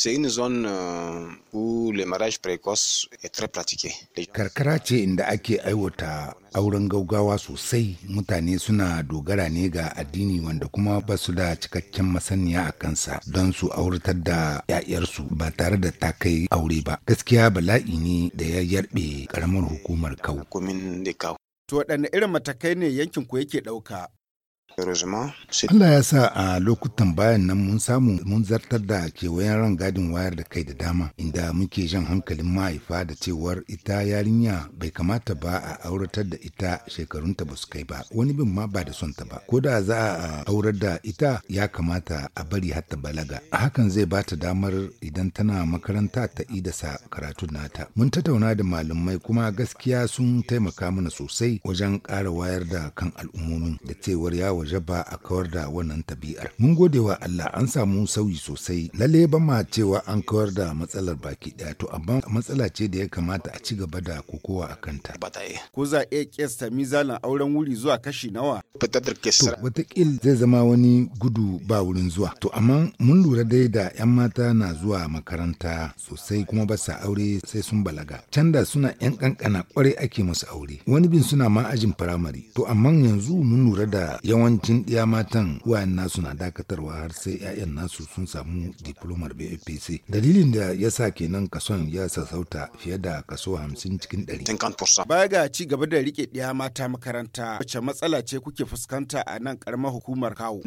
C'est une zone eh, où le mariage précoce est très pratiqué. Karkara ce inda ake aiwata auren gaugawa sosai mutane suna dogara ne ga addini wanda kuma ba su da cikakken masaniya a kansa don su auratar da 'ya'yarsu ba tare da ta kai aure ba. Gaskiya bala'i ne da ya yarbe karamar hukumar kau. To waɗanne irin matakai ne yankin ku yake ɗauka Allah ya sa a lokutan bayan nan mun samu mun zartar da kewayen ran gadin wayar da kai da dama inda muke jan hankalin mahaifa da cewar ita yarinya bai kamata ba a auratar da ita shekarunta ba su kai ba wani bin ma ba da son ta ba ko da za a aurar da ita ya kamata a bari hatta balaga hakan zai ba ta damar idan tana makaranta ta idasa karatu nata mun tattauna da malamai kuma gaskiya sun taimaka mana sosai wajen ƙara wayar da kan al'ummomin da cewar yawo waje ba a kawar da wannan tabi'ar. Mun gode wa Allah an samu sauyi sosai. Lalle ba ma cewa an kawar da matsalar baki daya. to amma matsala ce da ya kamata a ci gaba da kokowa a kanta. Ko za iya kesta mizalin auren wuri zuwa kashi nawa? fitar kissar. Watakil zai zama wani gudu ba wurin zuwa. To amma mun lura dai da 'yan mata na zuwa makaranta sosai kuma ba sa aure sai sun balaga. Can da suna 'yan ƙanƙana kwarai ake musu aure. Wani bin suna ma ajin firamare. To amma yanzu mun lura da yawancin ɗiya matan wayan nasu na dakatarwa har sai 'ya'yan nasu sun samu diplomar bapc Dalilin da ya sa kenan kason ya sassauta fiye da kaso 50 cikin 100. Baya ga ci gaba da riƙe ɗiya mata makaranta wace matsala ce kuke fuskanta a nan karamar hukumar kawo.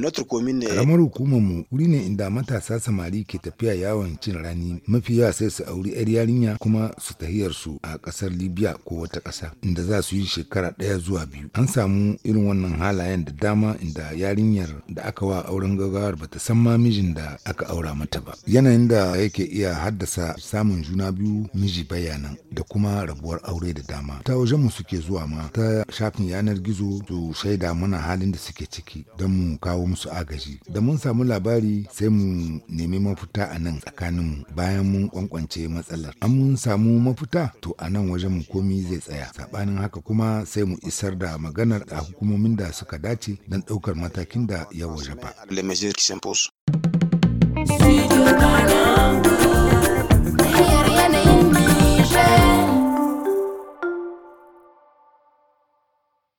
Karamar hukumar mu wuri ne inda matasa samari ke tafiya yawon cin rani mafi yawa sai su auri 'yar yarinya kuma su tahiyar su a kasar Libya ko wata ƙasa inda za su yi shekara ɗaya zuwa biyu. An samu irin wannan halayen da dama inda yarinyar da aka wa auren gaggawar bata san ma mijin da aka aura mata ba. Yanayin da yake iya haddasa samun juna biyu miji bayanan da kuma rabuwar aure da dama. Ta wajen mu suke zuwa ma ta shafin yanar gizo su shaida mana wannan halin da suke ciki don mu kawo musu agaji da mun samu labari sai mu nemi mafita a nan tsakanin mu bayan mun kwankwance matsalar an mun samu mafita to a nan wajen mu komi zai tsaya sabanin haka kuma sai mu isar da maganar a hukumomin da suka dace don ɗaukar matakin da ya waje ba.